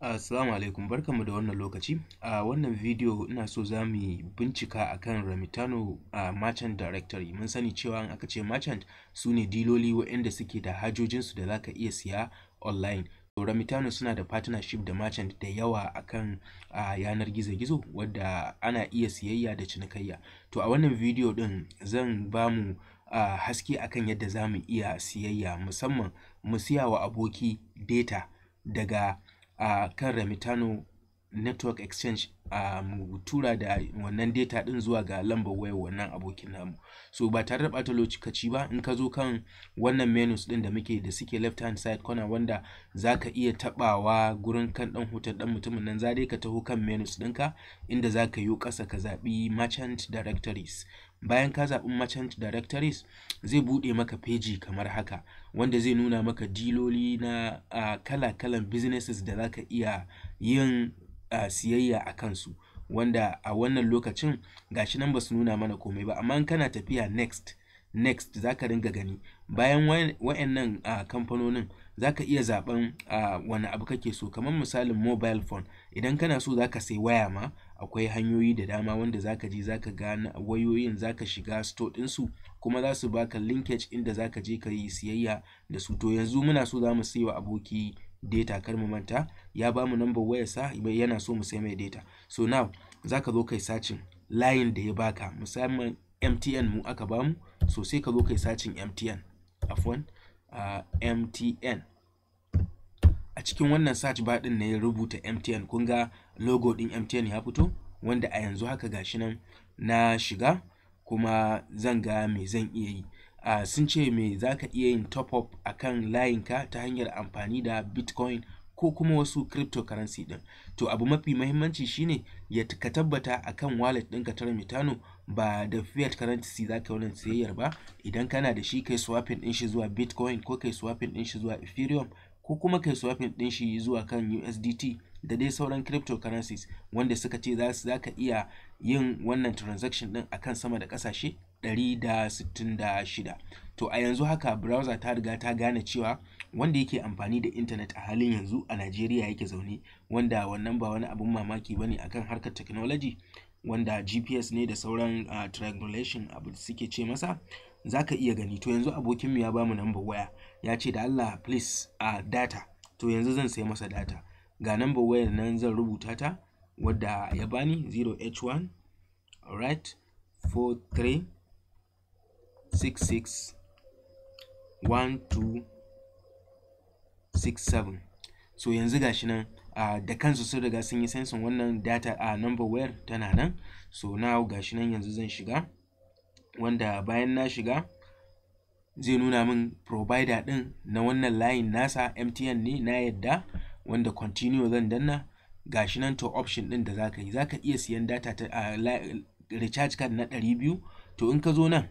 Assalamu alaikum barkanmu da wannan lokaci a wannan bidiyo ina so za mu bincika akan Remitano a Merchant Directory mun sani cewa in aka ce merchant su ne diloli waɗanda suke da hajojinsu da za ka iya siya online to Remitano suna da partnership da merchant da yawa akan a yanar gizo-gizo wadda ana iya siyayya da cinikayya to a wannan bidiyo ɗin zan ba mu a haske akan yadda za mu iya siyayya musamman mu siya wa aboki data daga a kan remitano network exchange a mu tura da wannan data ɗin zuwa ga lambar waya wannan abokin namu so ba tare da bata lokaci ba in ka zo kan wannan menus ɗin da muke da suke left hand side corner wanda zaka iya tabawa gurin kan dan hoton dan mutumin nan za dai ka taho kan menus ɗinka, inda zaka yi ƙasa ka zaɓi merchant directories bayan ka zaɓi merchant directories zai buɗe maka feji kamar haka wanda zai nuna maka diloli na uh, kala-kalan businesses da za ka iya yin uh, siyayya a kansu wanda a wannan lokacin gashi nan ba su nuna mana komai ba amma kana tafiya next next za ka ringa gani bayan wa'annan kamfanonin za ka iya zaben wani abu kake so kamar misalin mobile phone idan kana so za ka sai waya ma akwai hanyoyi da dama wanda za ka je za ka gane wayoyin za ka shiga store ɗinsu kuma za su baka linkage inda za ka je ka yi siyayya da su to yanzu muna so za mu wa aboki data kar mu manta ya ba mu number sa yana so mu sai mai data so now za ka zo kai sacin layin da ya baka musamman mtn mu aka bamu so sai ka zo kai sacin mtn afwan mtn a cikin wannan search bar din ne ya rubuta mtn kun ga logo din mtn ya fito wanda a yanzu haka gashi nan na shiga kuma zan ga me zan iya yi uh, sun ce me za ka iya yin top up akan layinka ta hanyar amfani da bitcoin ko kuma wasu cryptocurrency din to abu mafi mahimmanci shine ya ka tabbata akan wallet ɗinka ta Remitano ba da fiat currency za ka wannan sayayyar ba idan kana da shi kai swapping ɗin shi zuwa bitcoin ko kai swapping ɗin shi zuwa ethereum ko kuma kai swapping ɗin shi zuwa kan USDT da dai sauran cryptocurrencies wanda suka ce za ka iya yin wannan transaction ɗin akan sama da ƙasashe 166 to a yanzu haka browser ta riga ta gane cewa wanda yake amfani da intanet a halin yanzu a najeriya yake zaune wanda wannan ba wani abun mamaki ba ne akan harkar technology wanda gps ne da sauran uh, triangulation abu suke ce masa za ka iya gani to yanzu abokinmu ya bamu number waya ya ce da allah please a uh, data to yanzu zan sai masa data ga number wayar nan zan rubuta ta wadda ya bani 0h1 right 43 six six one two six seven so yanzu gashi nan uh, da kansu sun riga sun yi sensin wannan data a uh, number where tana nan so now gashi nan yanzu zan shiga wanda bayan na shiga zai nuna min provider din na wannan layin nasa mtn ne na yadda wanda continue zan danna gashi nan to option din da zaka yi zaka iya siyan data ta uh, recharge card na 200 to in ka zo nan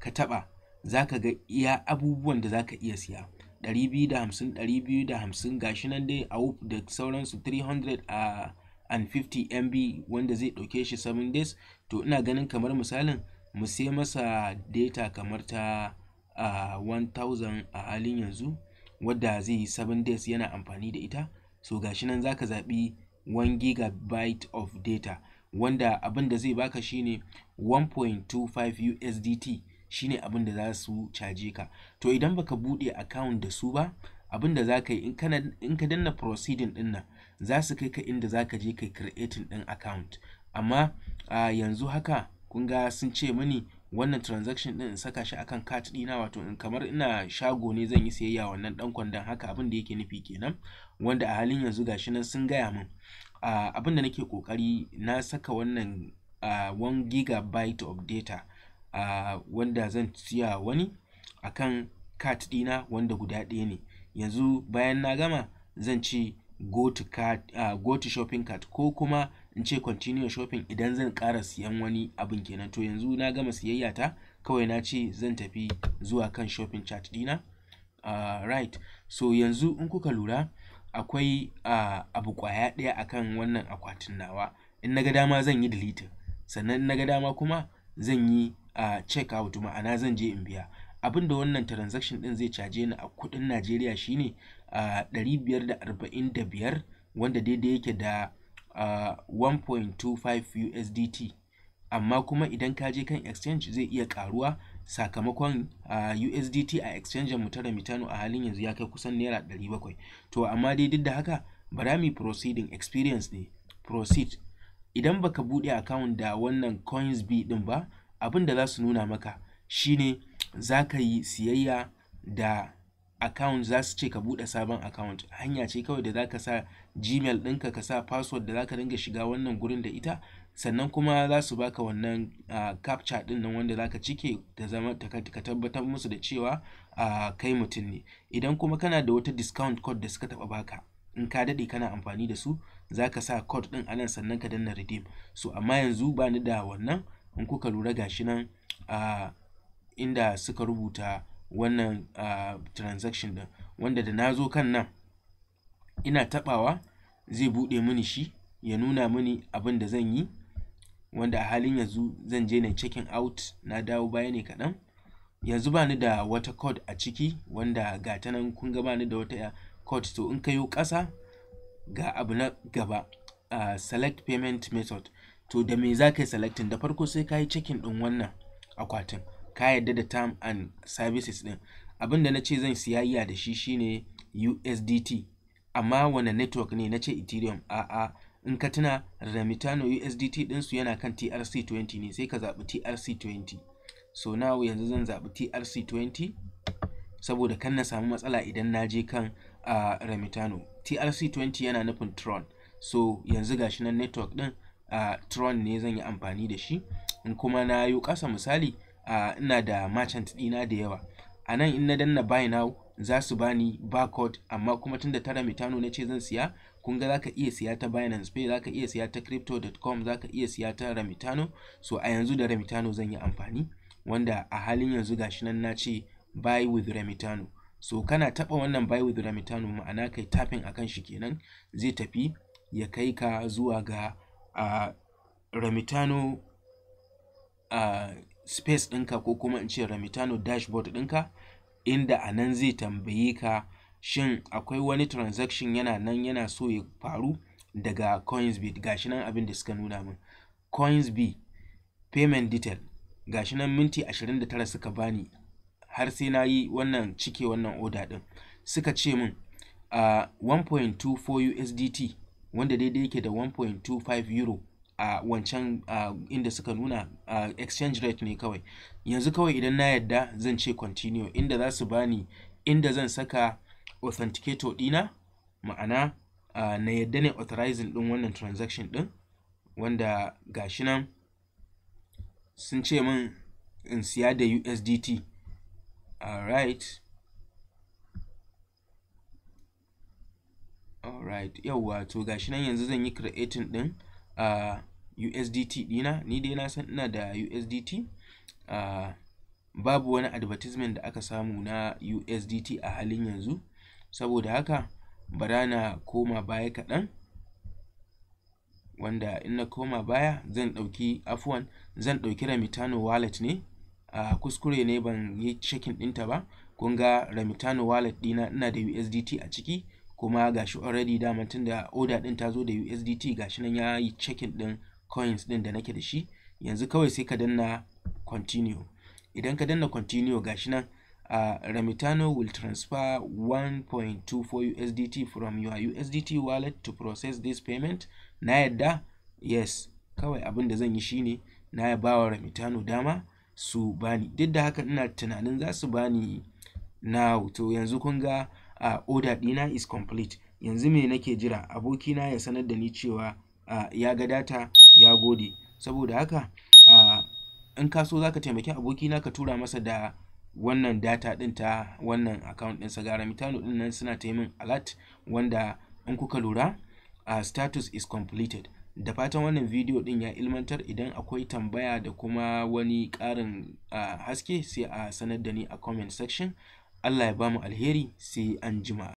ka taɓa za ka ga iya abubuwan da za ka iya siya 250 250 gashi nan dai a wuf da sauransu 300 a and 50 mb wanda zai ɗauke shi 7 days to ina ganin kamar misalin mu sai masa data kamar ta uh, 1000 a halin yanzu wadda zai yi 7 days yana amfani da ita so gashi nan za ka zaɓi 1 gigabyte of data wanda abin da zai baka shine 1.25 USDT shine abin da za su caje ka to idan baka buɗe account da su ba abin da za ka yi in ka danna proceeding din nan za su kai ka inda za ka je kai creating din account amma uh, yanzu haka kun ga sun ce mani wannan transaction din in saka shi akan cart dina wato in kamar ina shago ne zan yi sayayya wannan dan kwandon haka abin da yake nufi kenan wanda a halin yanzu gashi nan sun gaya min uh, abin da nake kokari na saka wannan uh, 1 gigabyte of data A wanda zan siya wani akan cart ɗina wanda guda ɗaya ne yanzu bayan na gama zan ce go to cart shopping cart ko kuma in ce continue shopping idan zan ƙara siyan wani abin kenan to yanzu na gama siyayya ta kawai na ce zan tafi zuwa kan shopping cart ɗina uh, right so yanzu in kuka lura akwai uh, abu kwaya ɗaya akan wannan akwatin nawa in na ga dama zan yi delete sannan in na ga dama kuma zan yi a check out ma'ana zan je in biya abin da wannan transaction din zai caje ni a kudin Najeriya shine a biyar, wanda daidai yake da 1.25 USDT amma kuma idan ka je kan exchange zai iya karuwa sakamakon USDT a exchange mu ta mitano a halin yanzu ya kai kusan naira 700 to amma dai duk da haka bara mi proceeding experience ne proceed idan baka bude account da wannan coinsbee din ba abin da za su nuna maka shi ne za ka yi siyayya da account za su ce ka buɗe sabon account hanya ce kawai da za ka sa gmail ɗinka ka sa password da za ka dinga shiga wannan gurin da ita sannan kuma za su baka wannan captcha ɗin nan wanda za ka cike ta zama ka tabbatar musu da cewa kai mutum ne idan kuma kana da wata discount code da suka taɓa baka in ka daɗe kana amfani da su za ka sa code ɗin anan sannan ka danna redeem so amma yanzu ba da wannan in kuka lura gashi nan a inda suka rubuta wannan a transaction din wanda da na zo kan nan ina taɓawa zai buɗe mini shi ya nuna mini abin da zan yi wanda a halin yanzu zan je na checking out na dawo baya ne kaɗan yanzu bani da wata code a ciki wanda ga ta nan kun ga ni da wata code to in ka ƙasa ga abu na gaba uh, select payment method to da me za ka yi selecting da farko sai ka yi cikin ɗin wannan akwatin ka yadda da term and services ɗin abin da na ce zan siyayya da shi shine USDT amma wane network ne na ce Ethereum a'a in ka tuna ramitano USDT ɗinsu yana kan TRC20 ne sai ka zaɓi TRC20 so now yanzu zan zaɓi TRC20 saboda kan na samu matsala idan na je kan uh, ah, TRC20 yana nufin Tron so yanzu gashi nan network ɗin a tron ne zan yi amfani da shi in kuma na yi ƙasa misali a ina da merchant ɗina da yawa a nan in na danna buy now za su bani barcode amma kuma tun da tara mitano na ce zan siya kun ga zaka iya siya ta Binance Pay zaka iya siya ta crypto.com zaka iya siya ta ramitano so a yanzu da ramitano zan yi amfani wanda a halin yanzu gashi nan na ce buy with ramitano so kana taba wannan buy with ramitano ma'ana kai tapping akan shi kenan zai tafi ya kai ka zuwa ga a Remitano a space ɗinka ko kuma in ce Ramitano dashboard ɗinka inda a nan zai tambaye ka shin akwai wani transaction yana nan yana so ya faru daga Coinsbit gashi nan abin da suka nuna min Coinsbit payment detail gashi nan minti 29 suka bani har sai na yi wannan cike wannan order ɗin suka ce min uh, 1.24 USDT wanda daidai yake da 1.25 euro a wancan inda suka nuna exchange rate ne kawai yanzu kawai idan na yadda zan ce continue inda za su bani inda zan saka authenticator dina ma'ana na yadda ne authorizing din wannan transaction din wanda gashi nan sun ce min in siya da USDT alright Right. Yawwa, to gashi nan yanzu zan yi creating din uh, USDT dina ni dai na san ina da USDT uh, babu wani advertisement da aka samu na USDT a halin yanzu saboda haka bara na koma baya kaɗan wanda in na koma baya zan ɗauki afuwan zan ɗauki Remitano wallet ne a uh, kuskure ne ban yi checking ɗinta ba kun ga Remitano wallet dina ina da USDT a ciki kuma gashi already dama tun da order din ta zo da USDT gashi nan ya yi checking din coins din da nake da shi yanzu kawai sai ka danna continue idan ka danna continue gashi nan uh, Remitano will transfer 1.24 USDT from your USDT wallet to process this payment na yadda yes kawai abin da zan yi shine na ba wa Remitano dama su bani duk da haka ina tunanin za su bani na to yanzu kun ga a order ɗina is complete yanzu me nake jira abokina ya sanar da ni cewa ya ga data ya gode saboda haka in ka so zaka taimaki abokina ka tura masa da wannan data ɗin ta wannan account sa gara mitano ɗin nan suna ta min alert wanda in kuka lura uh, status is completed da fatan wannan video ɗin ya ilmantar idan akwai tambaya da kuma wani ƙarin uh, haske sai a sanar da ni a comment section Allah ya ba mu alheri sai anjima.